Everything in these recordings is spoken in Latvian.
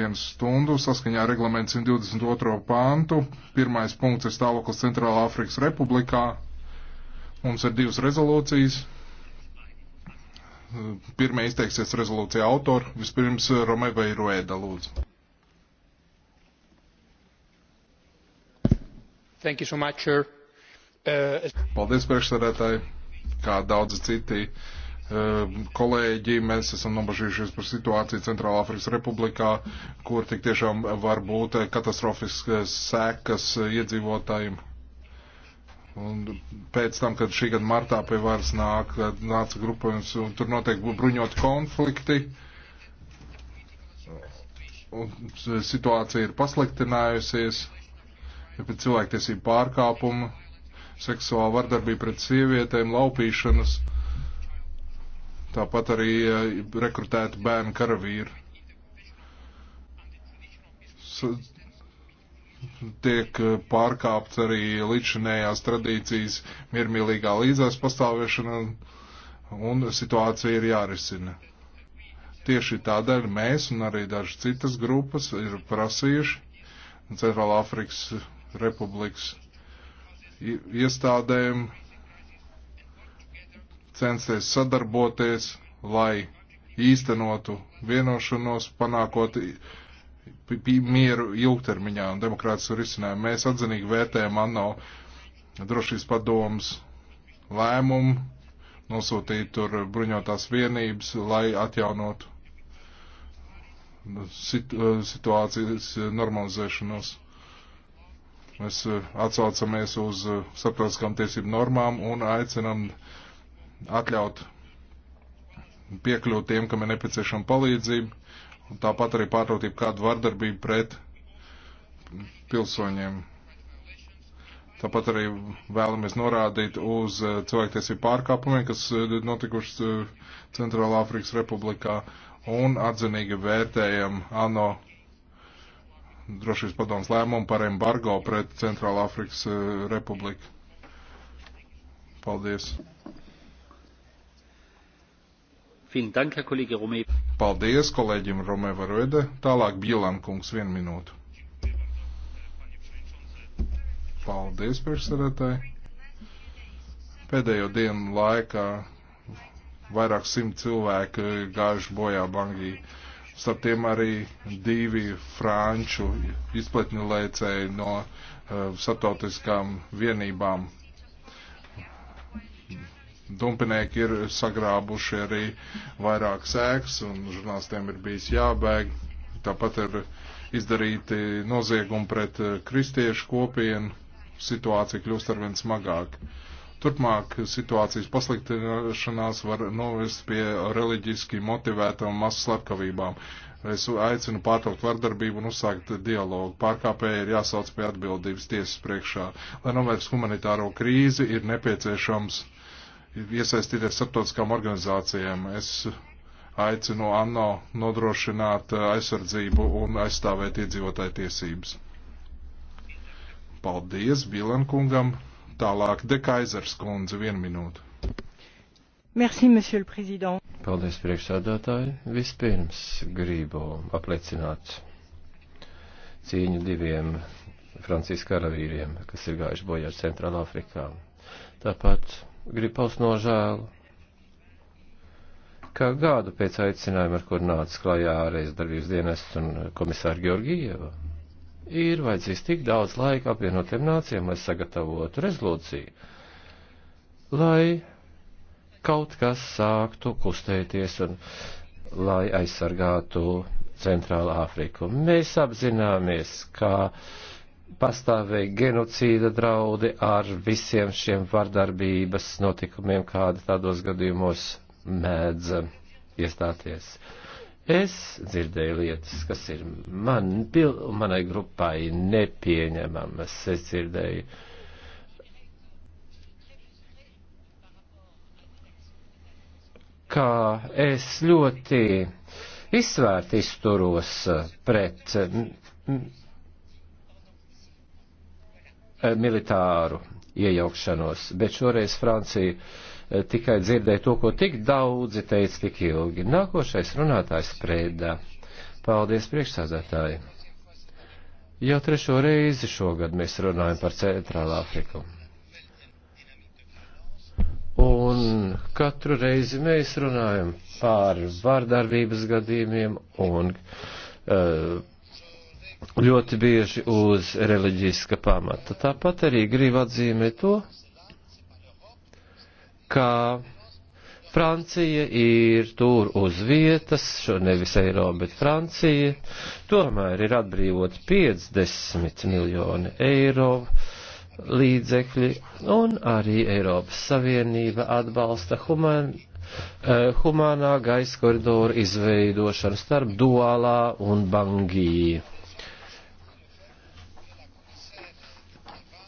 1 stundu saskaņā ar reglamentu 122. pāntu. Pirmais punkts ir stāvoklis Centrālā Afrikas Republikā. Mums ir divas rezolūcijas. Pirmie izteiksies rezolūcija autori. Vispirms Romeva ir Rueda, lūdzu. Thank you so much, sir. Uh, Paldies, priekšsēdētāji, kā daudzi citi. Uh, Ehm, kolēģi, mēs esam nobažījušies par situāciju Centrālā Afrikas Republikā, kur tik tiešām var būt eh, katastrofiskas sekas iedzīvotājiem. Un pēc tam, kad šī gada martā pie varas nāk, nāca grupējums, un tur notiek bruņoti konflikti, un situācija ir pasliktinājusies, ir pēc cilvēktiesību pārkāpumu, seksuāla vardarbība pret sievietēm, laupīšanas. Uh, Tāpat arī rekrutēti bērnu karavīri. Tiek eh, pārkāpts arī līdzinējās tradīcijas miermīlīgā līdzās pastāvēšana un situācija ir jārisina. Tieši tādēļ mēs un arī dažas citas grupas ir prasījuši Centrālā Afrikas Republikas iestādēm censties sadarboties, lai īstenotu vienošanos, panākot mieru ilgtermiņā un demokrātisku risinājumu. Mēs atzinīgi vērtējam ANO drošības padomus lēmumu nosūtīt tur bruņotās vienības, lai atjaunotu nu, uh, situācijas normalizēšanos. Mēs uh, atsaucamies uz uh, starptautiskām tiesību normām un aicinam uh, atļaut piekļūt tiem, kam ir nepieciešama palīdzība, un tāpat arī pārtraukt kādu vardarbību pret pilsoņiem. Tāpat arī vēlamies norādīt uz eh, cilvēktiesību pārkāpumiem, kas eh, notikuši eh, Centrālā Afrikas Republikā, un atzinīgi vērtējam ANO drošības padomus lēmumu par embargo pret Centrālā Afrikas Republiku. Paldies! Paldies kolēģim Romeva Ruede. Tālāk Bielankungs vienu minūtu. Paldies priekšsēdētāji. Pēdējo dienu laikā vairāk simt cilvēku gājuši bojā Bangī. Starp tiem arī divi franču izplatņu lēcēji no uh, starptautiskām vienībām dumpinieki ir sagrābuši arī vairāk sēks un žurnālistiem ir bijis jābēg. Tāpat ir izdarīti noziegumi pret eh, kristiešu kopienu. Situācija kļūst arvien smagāk. Turpmāk situācijas pasliktināšanās var novest pie reliģiski motivētām masu slepkavībām. Es aicinu pārtraukt vardarbību un uzsākt dialogu. Pārkāpēji ir jāsauc pie atbildības tiesas priekšā. Lai novērstu humanitāro krīzi, ir nepieciešams iesaistīties starptautiskām organizācijām. Es aicinu ANO nodrošināt uh, aizsardzību un aizstāvēt iedzīvotāju tiesības. Paldies Bilankungam. Tālāk Dekaizers kundze, vienu minūtu. Merci, monsieur le président. Paldies priekšsādātāji. Vispirms gribu apliecināt cīņu diviem Francijas karavīriem, kas ir gājuši bojā Centrālā Afrikā. Tāpat gribu paust nožēlu, ka gādu pēc aicinājuma, ar kur nāca klajā ārējas darbības dienests un komisāra Georgieva, ir vajadzīgs tik daudz laika apvienotiem nācijām, lai sagatavotu rezolūciju, lai kaut kas sāktu kustēties un lai aizsargātu Centrālā Āfriku. Mēs apzināmies, ka pastāvēja genocīda draudi ar visiem šiem vardarbības notikumiem, kāda tādos gadījumos mēdz iestāties. Es dzirdēju lietas, kas ir man, pil, manai grupai nepieņemamas. Es dzirdēju uh, ka es ļoti izsvērti izturos pret Eh, militāru iejaukšanos, bet šoreiz Francija eh, tikai dzirdēja to, ko tik daudzi teica tik ilgi. Nākošais runātājs prēdā. Paldies priekšsādātāji. Jau trešo reizi šogad mēs runājam par Centrālā Afriku. Un katru reizi mēs runājam par vārdarbības gadījumiem un uh, ļoti bieži uz reliģiska pamata. Tāpat arī gribu atzīmēt to, ka Francija ir tur uz vietas, šo nevis Eiropa, bet Francija, tomēr ir atbrīvot 50 miljoni eiro līdzekļi, un arī Eiropas Savienība atbalsta human, uh, eh, humānā gaisa koridoru izveidošanu starp Dualā un Bangiju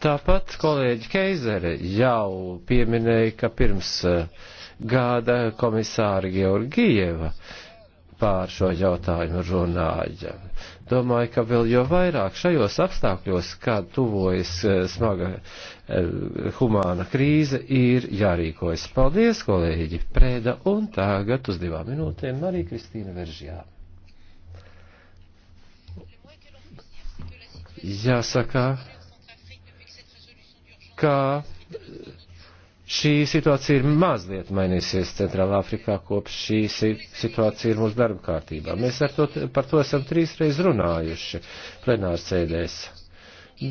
Tāpat kolēģi Keizere jau pieminēja, ka pirms e, gada komisāra Georgieva pār šo jautājumu runāja. Domāju, ka vēl jo vairāk šajos apstākļos, kad tuvojas e, smaga e, humāna krīze, ir jārīkojas. Paldies, kolēģi Prēda, un tagad uz divām minūtēm Marija Kristīna Veržjā. Jāsaka, ka šī situācija ir mazliet mainīsies Centrālā Afrikā kopš šī situācija ir mūsu darba kārtībā. Mēs to, par to esam trīsreiz runājuši plenārs sēdēs.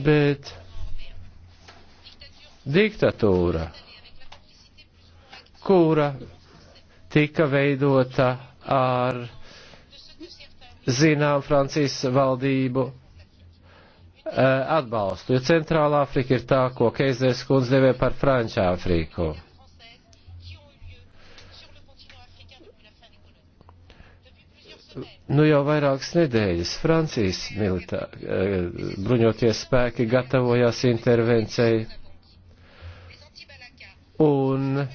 Bet diktatūra, kura tika veidota ar zinām Francijas valdību Eh, atbalstu, jo Centrāla Afrika ir tā, ko Keizēs kundze devē par Frančā Afriku. Nu jau vairākas nedēļas Francijas militā, eh, bruņoties spēki gatavojās intervencei un eh,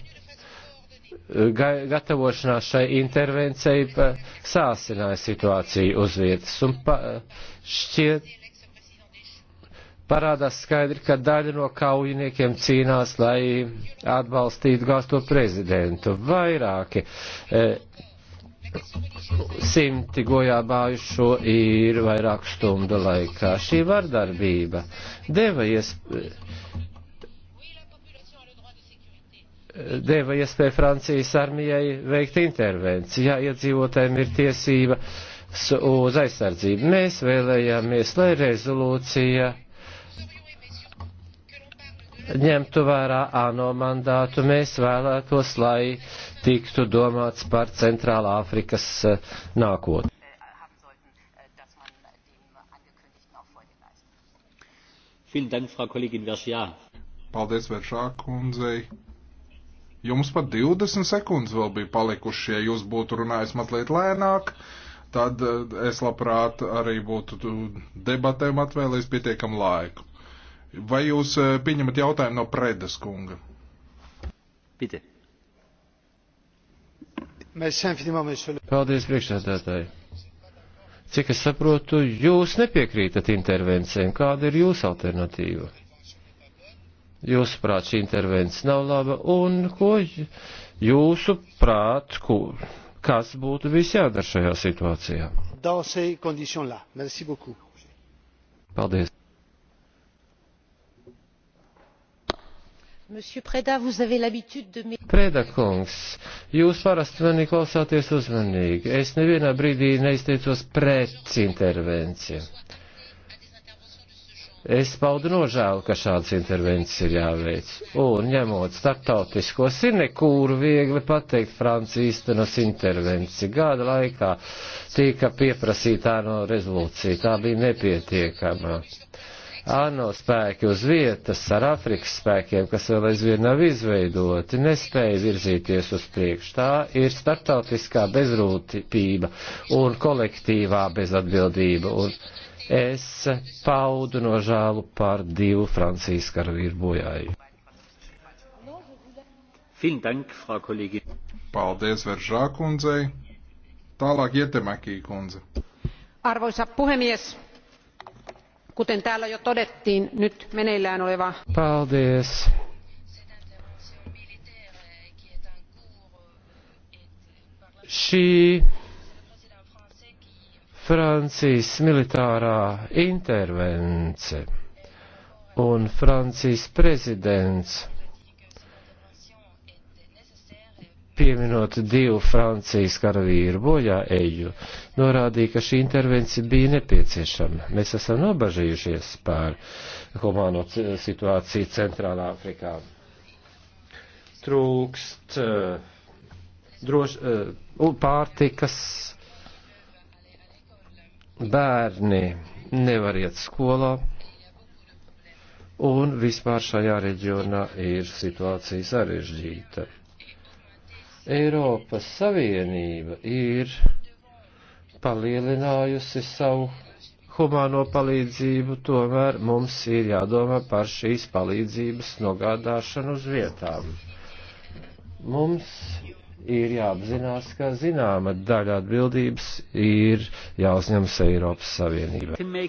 gatavošanās šai intervencei sāsināja situāciju uz vietas un pa, šķiet parādās skaidri, ka daļa no kaujiniekiem cīnās, lai atbalstītu gāsto prezidentu. Vairāki e, simti gojābājušo ir vairāku stundu laikā. Šī vardarbība deva iespēju. deva iespēju Francijas armijai veikt intervenciju, ja iedzīvotājiem ir tiesība uz aizsardzību. Mēs vēlējāmies, lai rezolūcija ņemtu vērā ANO mandātu, mēs vēlētos, lai tiktu domāts par Centrālā Afrikas eh, nākotni. Paldies, Veršā kundzei. Jums pat 20 sekundes vēl bija palikuši, ja jūs būtu runājis mazliet lēnāk tad eh, es labprāt arī būtu debatēm atvēlējis pietiekam laiku. Vai jūs eh, pieņemat jautājumu no Predes kunga? Pite. Paldies, priekšsēdētāji. Cik es saprotu, jūs nepiekrītat intervencijām. Kāda ir jūsu alternatīva? Jūsu prāt, šī intervencija nav laba, un ko jūsu prāt, ko, kas būtu viss jādara šajā situācijā? Paldies. Prēda kungs, jūs parasti mani klausāties uzmanīgi. Es nevienā brīdī neizteicos pret intervenciju. Es paudu nožēlu, ka šādas intervences ir jāveic. Un ņemot starptautisko sinekūru, viegli pateikt, Francija īstenos intervenci. Gada laikā tika pieprasītā no rezolūcija. Tā bija nepietiekama. ANO spēki uz vietas ar Afrikas spēkiem, kas vēl aizvien nav izveidoti, nespēja virzīties uz priekšu. Tā ir startautiskā bezrūtība un kolektīvā bezatbildība. Un es paudu nožēlu par divu Francijas karavīru bojāju. Paldies, Veržā kundzei. Tālāk Ietemekī kundze. Arvoisa puhemies, kuten täällä jo todettiin nyt meneillään oleva Paldies. Šī Francijas militārā intervence un Francijas prezidents pieminot divu Francijas karavīru bojā eju, norādīja, ka šī intervencija bija nepieciešama. Mēs esam nobažījušies pār humāno situāciju Centrālā Afrikā. Trūkst uh, droš, uh, pārtikas, bērni nevar iet skolā. Un vispār šajā reģionā ir situācija sarežģīta. Eiropas Savienība ir palielinājusi savu humāno palīdzību, tomēr mums ir jādomā par šīs palīdzības nogādāšanu uz vietām. Mums ir jāapzinās, ka zināma daļa atbildības ir jāuzņemas Eiropas Savienībai.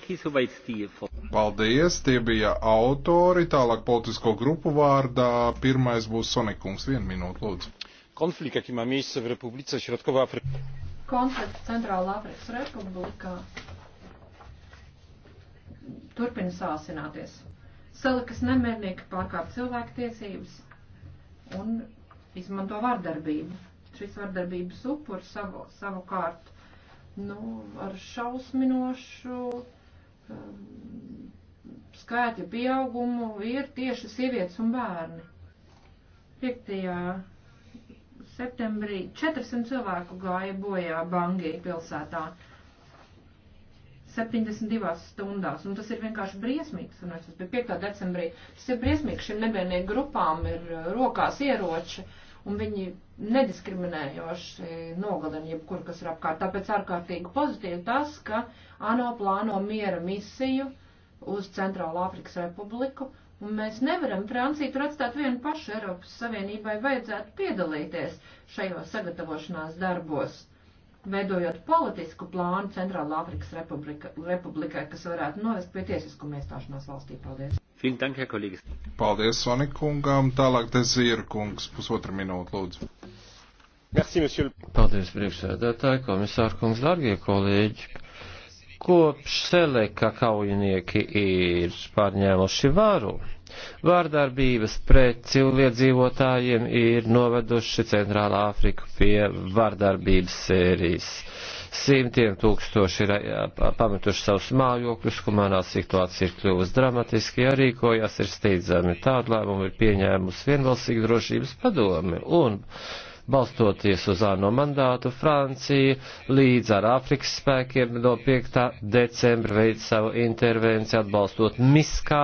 Paldies, tie bija autori, tālāk politisko grupu vārdā. Pirmais būs Sonikums, vienu minūtu lūdzu konflikt jaki ma miejsce w republice środkowoafrykańskiej konflikts Centrālāfrikas Republikā turpina sāsināties. Salikas nemērnieki pārkāp cilvēktiesības un izmanto vardarbību. Šis vardarbības upurs savu, savukārt nu, ar šausminošu um, skaitļu pieaugumu ir tieši sievietes un bērni. 5 septembrī 400 cilvēku gāja bojā Bangī pilsētā 72 stundās, un nu, tas ir vienkārši briesmīgs, un tas bija 5. decembrī, tas ir briesmīgs, šim nevienīgi grupām ir uh, rokās ieroči, un viņi nediskriminējoši nogalina jebkur, kas ir apkārt. Tāpēc ārkārtīgi pozitīvi tas, ka ANO plāno miera misiju uz Centrālā Afrikas Republiku, Un mēs nevaram Franciju tur atstāt vienu pašu Eiropas Savienībai vajadzētu piedalīties šajos sagatavošanās darbos, veidojot politisku plānu Centrāla Afrikas Republika, Republikai, kas varētu novest pie tiesiskuma iestāšanās valstī. Paldies! Paldies, Sonikungam. Tālāk te Zīrkungs, pusotra minūte, lūdzu. Merci, monsieur. Paldies, priekšsēdētāji, komisārkungs, dārgie kolēģi. Kopš Seleka kaujinieki ir pārņēmuši varu, vārdarbības pret civiliedzīvotājiem ir noveduši Centrālā Āfriku pie vārdarbības sērijas. Simtiem tūkstoši ir pametuši savus mājokļus, humanā situācija ir kļuvusi dramatiski, ja rīkojas ir steidzami. Tādu lēmumu ir pieņēmusi vienbalsīgi drošības padome. Un balstoties uz ANO mandātu, Francija līdz ar Āfrikas spēkiem no 5. decembra veic savu intervenciju atbalstot miskā,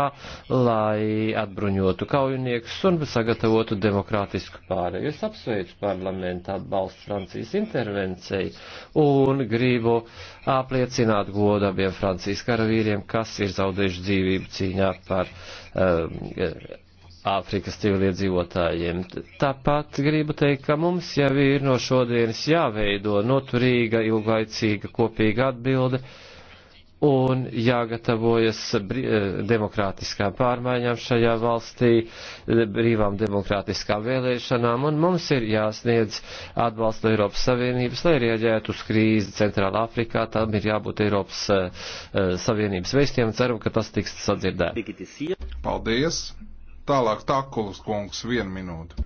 lai atbruņotu kaujiniekus un sagatavotu demokrātisku pārēju. Es apsveicu parlamentu atbalstu Francijas intervencijai un gribu apliecināt godu abiem Francijas karavīriem, kas ir zaudējuši dzīvību cīņā par um, Āfrikas civiliedzīvotājiem. Tāpat gribu teikt, ka mums jau ir no šodienas jāveido noturīga, ilglaicīga kopīga atbilde un jāgatavojas eh, demokrātiskām pārmaiņām šajā valstī, eh, brīvām demokrātiskām vēlēšanām, un mums ir jāsniedz atbalsts no Eiropas Savienības, lai rieģētu uz krīzi Centrāla Afrikā, tam ir jābūt Eiropas eh, Savienības veistiem, ceru, ka tas tiks sadzirdēt. Paldies! Tālāk Takulas kungs, vienu minūtu.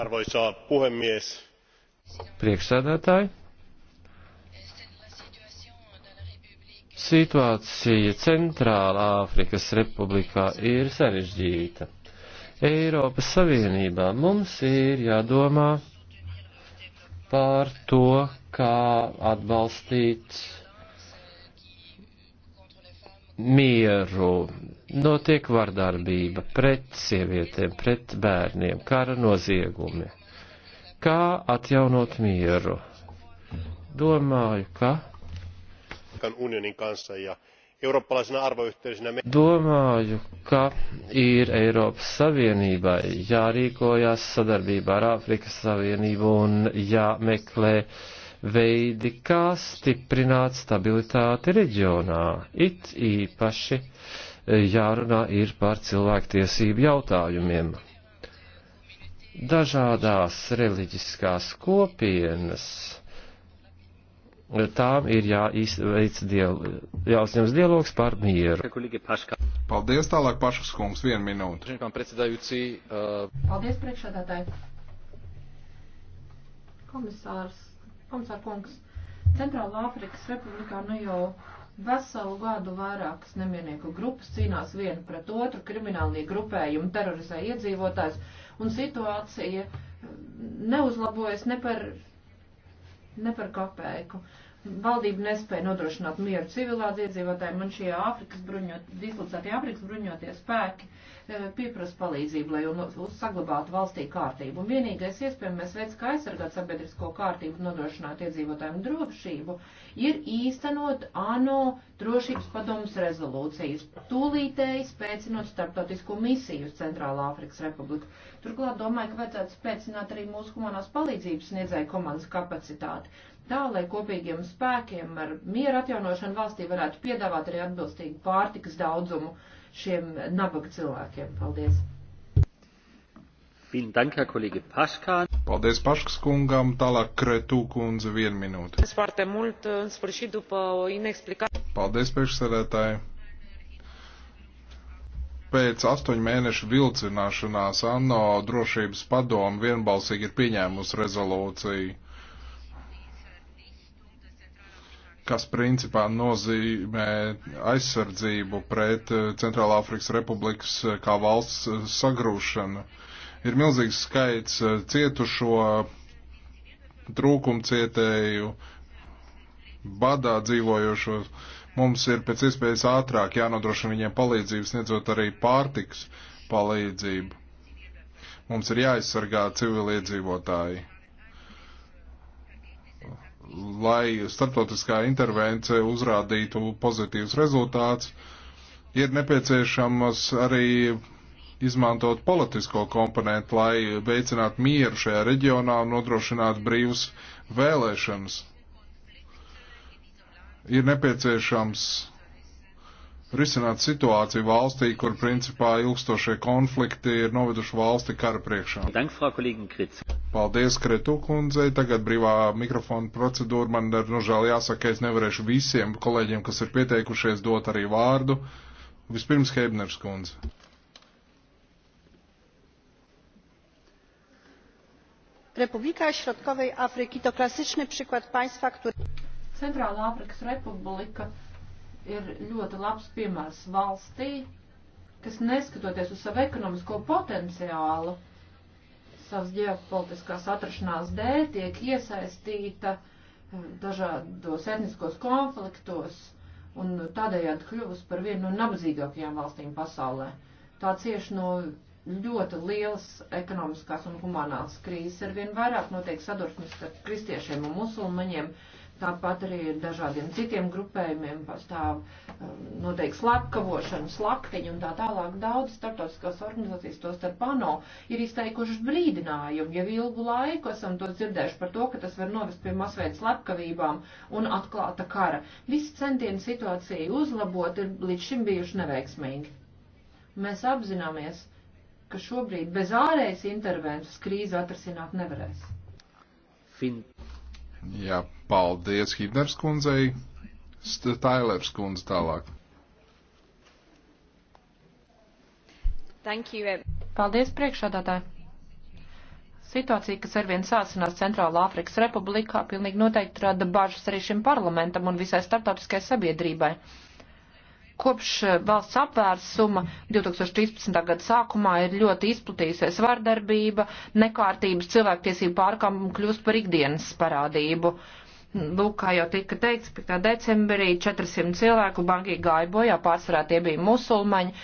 Arvoisā puhemies. Priekšsēdētāji. Situācija Centrālā Āfrikas Republikā ir sarežģīta. Eiropas Savienībā mums ir jādomā par to, kā atbalstīt mieru, notiek vardarbība pret sievietēm, pret bērniem, kara noziegumi. Kā atjaunot mieru? Domāju, ka. Domāju, ka ir Eiropas Savienībai jārīkojas sadarbībā ar Āfrikas Savienību un jāmeklē uh, veidi, kā stiprināt stabilitāti reģionā. It īpaši eh, jārunā ir par cilvēktiesību jautājumiem. Dažādās reliģiskās kopienas tām ir jāizveic dialogs, jāuzņems dialogs par mieru. Paldies tālāk pašas kungs, vienu minūtu. E, Paldies priekšādātāji. Komisārs Komisār kungs, Centrāla Āfrikas Republikā nu jau veselu gadu vairākas nemiernieku grupas cīnās viena pret otru, kriminālie grupējumi terorizē iedzīvotājs, un situācija eh, neuzlabojas ne par, ne par kapēku. Uh, valdība nespēja nodrošināt mieru civilās iedzīvotājiem, un šie Āfrikas bruņot, dislocētie Āfrikas bruņotie spēki eh, pieprasa palīdzību, lai un, uz, saglabātu valstī kārtību. Un vienīgais iespējamais veids, kā aizsargāt sabiedrisko kārtību, nodrošināt iedzīvotājiem drošību, ir īstenot ANO drošības padomus rezolūcijas, tūlītēji spēcinot starptautisko misiju uz Centrālā Āfrikas Republiku. Turklāt domāju, ka vajadzētu spēcināt arī mūsu humanās palīdzības sniedzēju komandas kapacitāti tā, lai kopīgiem spēkiem ar mieru atjaunošanu valstī varētu piedāvāt arī atbilstīgu pārtikas daudzumu šiem nabaga cilvēkiem. Paldies! Dank, Paldies Paškas kungam, tālāk Kretu kundze vienu minūti. Paldies priekšsēdētāji. Pēc astoņu mēnešu vilcināšanās ANO drošības padomu vienbalsīgi ir pieņēmusi rezolūciju kas principā nozīmē aizsardzību pret eh, Centrālā Afrikas Republikas eh, kā valsts eh, sagrūšanu. Ir milzīgs skaits cietušo, trūkumcietēju, badā dzīvojošo. Mums ir pēc iespējas ātrāk jānodrošina viņiem palīdzības, sniedzot arī pārtiks palīdzību. Mums ir jāaizsargā civiliedzīvotāji lai starptautiskā intervence uzrādītu pozitīvus rezultātus, ir nepieciešamas arī izmantot politisko komponentu, lai veicinātu mieru šajā reģionā un nodrošinātu brīvus vēlēšanas. Ir nepieciešams risināt situāciju valstī, kur principā ilgstošie konflikti ir noveduši valsti kara priekšā. Dank, Paldies, Kretu kundzei. Tagad brīvā mikrofona procedūra. Man ir nožēl nu, jāsaka, ka es nevarēšu visiem kolēģiem, kas ir pieteikušies, dot arī vārdu. Vispirms Heibners kundze. Republika Środkowej Afryki to klasyczny przykład państwa, które... Centrāla Afrikas Republika ir ļoti labs piemērs valstī, kas neskatoties uz savu ekonomisko potenciālu, savas ģeopolitiskās atrašanās dēļ tiek iesaistīta eh, dažādos etniskos konfliktos un tādējādi kļuvusi par vienu no nabadzīgākajām valstīm pasaulē. Tā cieši no ļoti liels ekonomiskās un humanās krīzes. Arvien vairāk notiek sadursmes starp kristiešiem un musulmaņiem, uh, Tāpat arī ir dažādiem citiem grupējumiem pastāv um, noteikti slepkavošana, slaktiņa un tā tālāk. Daudz starptautiskās organizācijas, tos tad pano, ir izteikušas brīdinājumu. Jau ilgu laiku esam to dzirdējuši par to, ka tas var novest pie masveida slepkavībām un atklāta kara. Visi centieni situāciju uzlabot ir līdz šim bijuši neveiksmīgi. Mēs apzināmies, ka šobrīd bez ārējas intervences krīzi atrasināt nevarēs. Fin. Jā, paldies Hibners kundzei. Stailers kundze tālāk. Thank you. Paldies priekšādātāji. Situācija, kas arvien sācinās Centrālā Afrikas Republikā, pilnīgi noteikti rada bažas arī šim parlamentam un visai starptautiskajai sabiedrībai. Kopš eh, valsts apvērsuma 2013. gada sākumā ir ļoti izplatījusies vardarbība, nekārtības cilvēktiesību pārkāpumu kļūst par ikdienas parādību. Lūk, kā jau tika teikts, 5. decembrī 400 cilvēku bankī gāja bojā, pārsvarā tie bija musulmaņi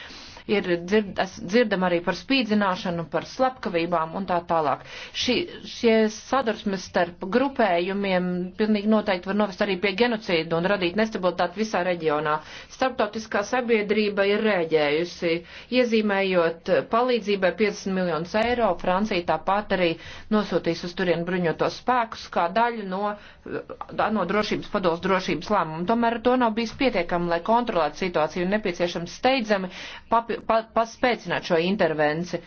ir dzird, dzirdam arī par spīdzināšanu, par slepkavībām un tā tālāk. Šī, šie sadursmes starp grupējumiem pilnīgi noteikti var novest arī pie genocīdu un radīt nestabilitāti visā reģionā. Starptautiskā sabiedrība ir rēģējusi, iezīmējot palīdzībai 50 miljonus eiro, Francija tāpat arī nosūtīs uz turien bruņotos spēkus kā daļu no, no drošības padols drošības lēmumu. Tomēr to nav bijis pietiekami, lai kontrolētu situāciju un nepieciešams steidzami papildināt papi, pa, paspēcināt šo intervenci.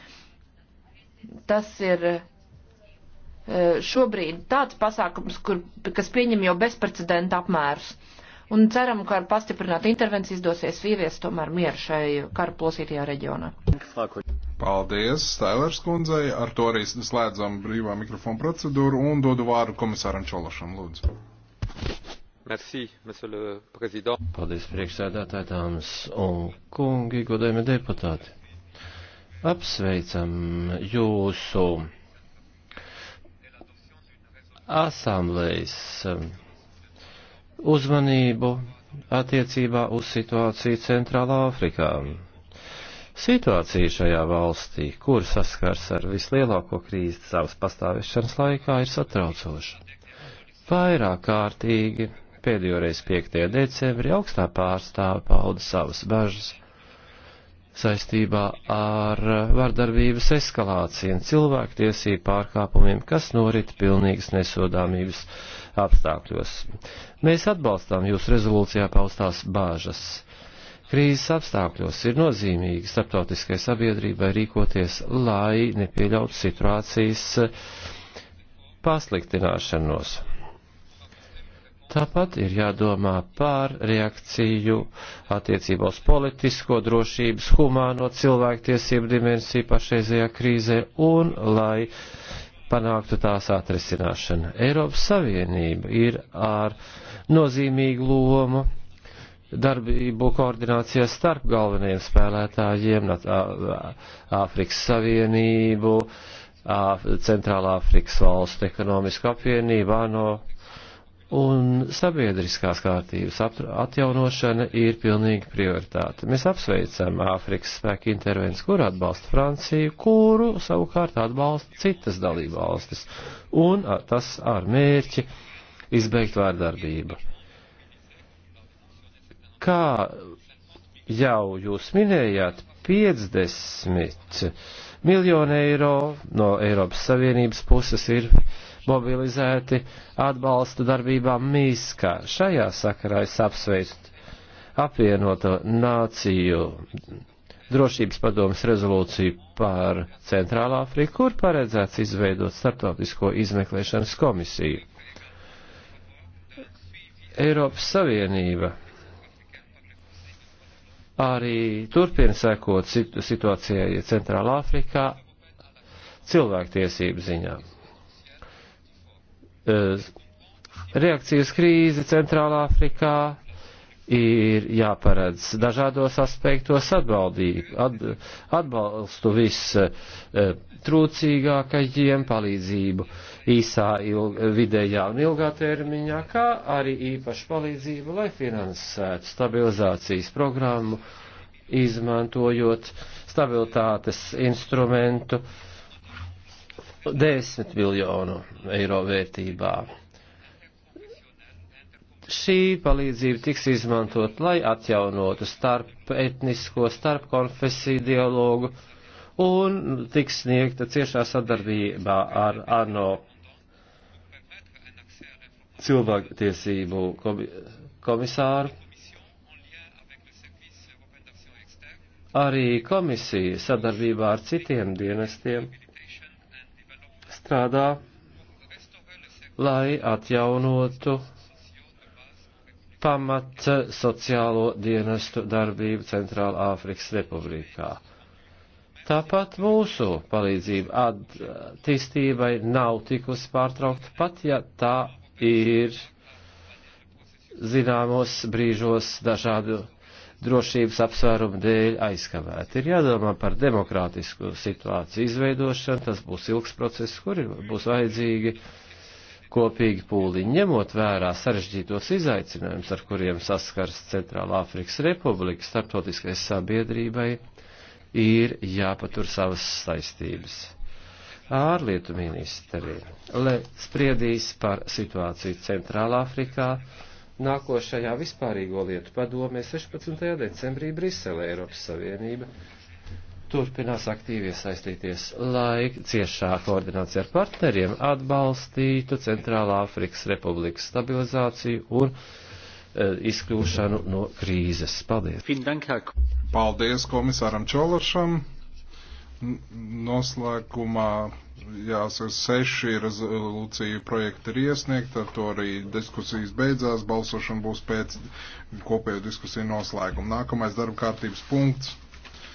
Tas ir e, šobrīd tāds pasākums, kur, kas pieņem jau bezprecedenta apmērus. Un ceram, ka ar pastiprinātu intervenciju izdosies ieviest tomēr mieru šai karu plosītajā reģionā. Paldies, Stailers kundzei. Ar to arī slēdzam brīvā mikrofona procedūru un dodu vārdu komisāram Čološam, lūdzu. Merci, monsieur le président. Paldies, priekšsēdētāji, dāmas un kungi, godējumi deputāti. Apsveicam jūsu asamblējas um, uzmanību attiecībā uz situāciju Centrālā Afrikā. Situācija šajā valstī, kur saskars ar vislielāko krīzi savas pastāvēšanas laikā, ir satraucoša. Vairāk kārtīgi pēdējoreiz 5. decembrī augstā pārstāve pauda savas bažas saistībā ar eh, vardarbības eskalāciju un cilvēktiesību pārkāpumiem, kas norit pilnīgas nesodāmības apstākļos. Mēs atbalstām jūsu rezolūcijā paustās bāžas. Krīzes apstākļos ir nozīmīgi starptautiskai sabiedrībai rīkoties, lai nepieļautu situācijas eh, pasliktināšanos. Tāpat ir jādomā par reakciju attiecībā uz politisko drošības, humāno cilvēktiesību dimensiju pašreizajā krīzē un lai panāktu tās atrisināšanu. Eiropas Savienība ir ar nozīmīgu lomu darbību koordinācijā starp galvenajiem spēlētājiem, Āfrikas Savienību, Centrālā Āfrikas valstu ekonomisku apvienību, ANO un sabiedriskās kārtības atjaunošana ir pilnīga prioritāte. Mēs apsveicam Āfrikas spēku intervenciju, kur atbalsta Franciju, kuru savukārt atbalsta citas dalībvalstis, un tas ar mērķi izbeigt vārdarbību. Kā jau jūs minējāt, 50 miljonu eiro no Eiropas Savienības puses ir mobilizēti atbalsta darbībām mīskā. Šajā sakarā es apsveicu apvienoto nāciju drošības padomas rezolūciju par Centrālā Afriku, kur paredzēts izveidot startautisko izmeklēšanas komisiju. Eiropas Savienība arī turpina sekot situācijai Centrālā Afrikā cilvēktiesību ziņām. Eh, reakcijas krīzi Centrālā Afrikā ir jāparedz dažādos aspektos atbaldīgi, at, atbalstu vis eh, trūcīgākajiem, palīdzību īsā, ilg, vidējā un ilgā termiņā, kā arī īpašu palīdzību, lai finansētu stabilizācijas programmu, izmantojot stabilitātes instrumentu uh, 10 miljonu eiro vērtībā. Šī palīdzība tiks izmantot, lai atjaunotu starp etnisko, starp konfesiju dialogu un tiks sniegta ciešā sadarbībā ar ANO cilvēktiesību komisāru. Arī komisija sadarbībā ar citiem dienestiem strādā, lai atjaunotu pamat sociālo dienestu darbību Centrāla Āfrikas Republikā. Tāpat mūsu palīdzība attīstībai nav tikusi pārtraukta, pat ja tā ir zināmos brīžos dažādu drošības apsvērumu dēļ aizkavēti. Ir jādomā par demokrātisku situāciju izveidošanu, tas būs ilgs process, kur būs vajadzīgi kopīgi pūliņi, ņemot vērā sarežģītos izaicinājumus, ar kuriem saskars Centrāla Afrikas Republika, starptautiskai sabiedrībai ir jāpatur savas saistības. Ārlietu ministri, lai spriedīs par situāciju Centrālā Afrikā, nākošajā vispārīgo lietu padomē 16. decembrī Briselē Eiropas Savienība turpinās aktīvi iesaistīties, lai ciešā koordinācija ar partneriem atbalstītu Centrālā Afrikas Republikas stabilizāciju un e, izkļūšanu no krīzes. Paldies! Paldies komisāram Čološam! Noslēgumā jāsaka, seši rezolūcija projekti ir iesniegti, ar to arī diskusijas beidzās, balsošana būs pēc kopējo diskusiju noslēguma. Nākamais darba kārtības punkts.